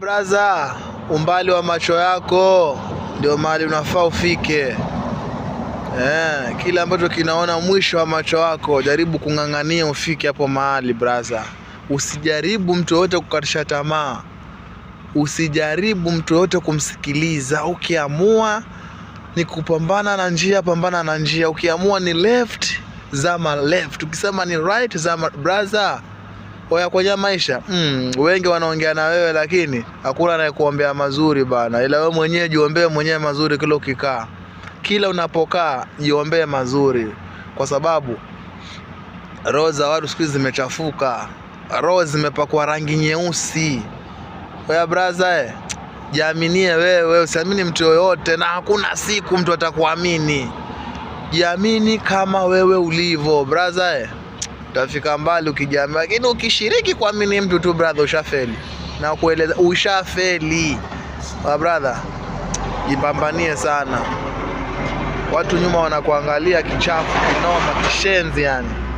Braza, umbali wa macho yako ndio mahali unafaa ufike. Eh, kile ambacho kinaona mwisho wa macho yako jaribu kung'ang'ania ufike hapo mahali braza. Usijaribu mtu yoyote kukatisha tamaa, usijaribu mtu yoyote kumsikiliza. Ukiamua ni kupambana na njia, pambana na njia. Ukiamua ni left, zama left. Ukisema ni right, zama braza Oya, kwenye maisha mm, wengi wanaongea na wewe lakini hakuna anayekuombea mazuri bana, ila wewe mwenyewe jiombee mwenyewe mazuri kila ukikaa, kila unapokaa jiombee mazuri, kwa sababu roho za watu siku hizi zimechafuka, roho zimepakwa rangi nyeusi. Oya braza, eh, jiaminie wewe, usiamini mtu yoyote, na hakuna siku mtu atakuamini. Jiamini kama wewe ulivyo braza, eh utafika mbali ukijamii, lakini ukishiriki kuamini mtu tu brother, ushafeli na kueleza, ushafeli wa ah, brother. Jipambanie sana, watu nyuma wanakuangalia kichafu, kinoma, kishenzi yani.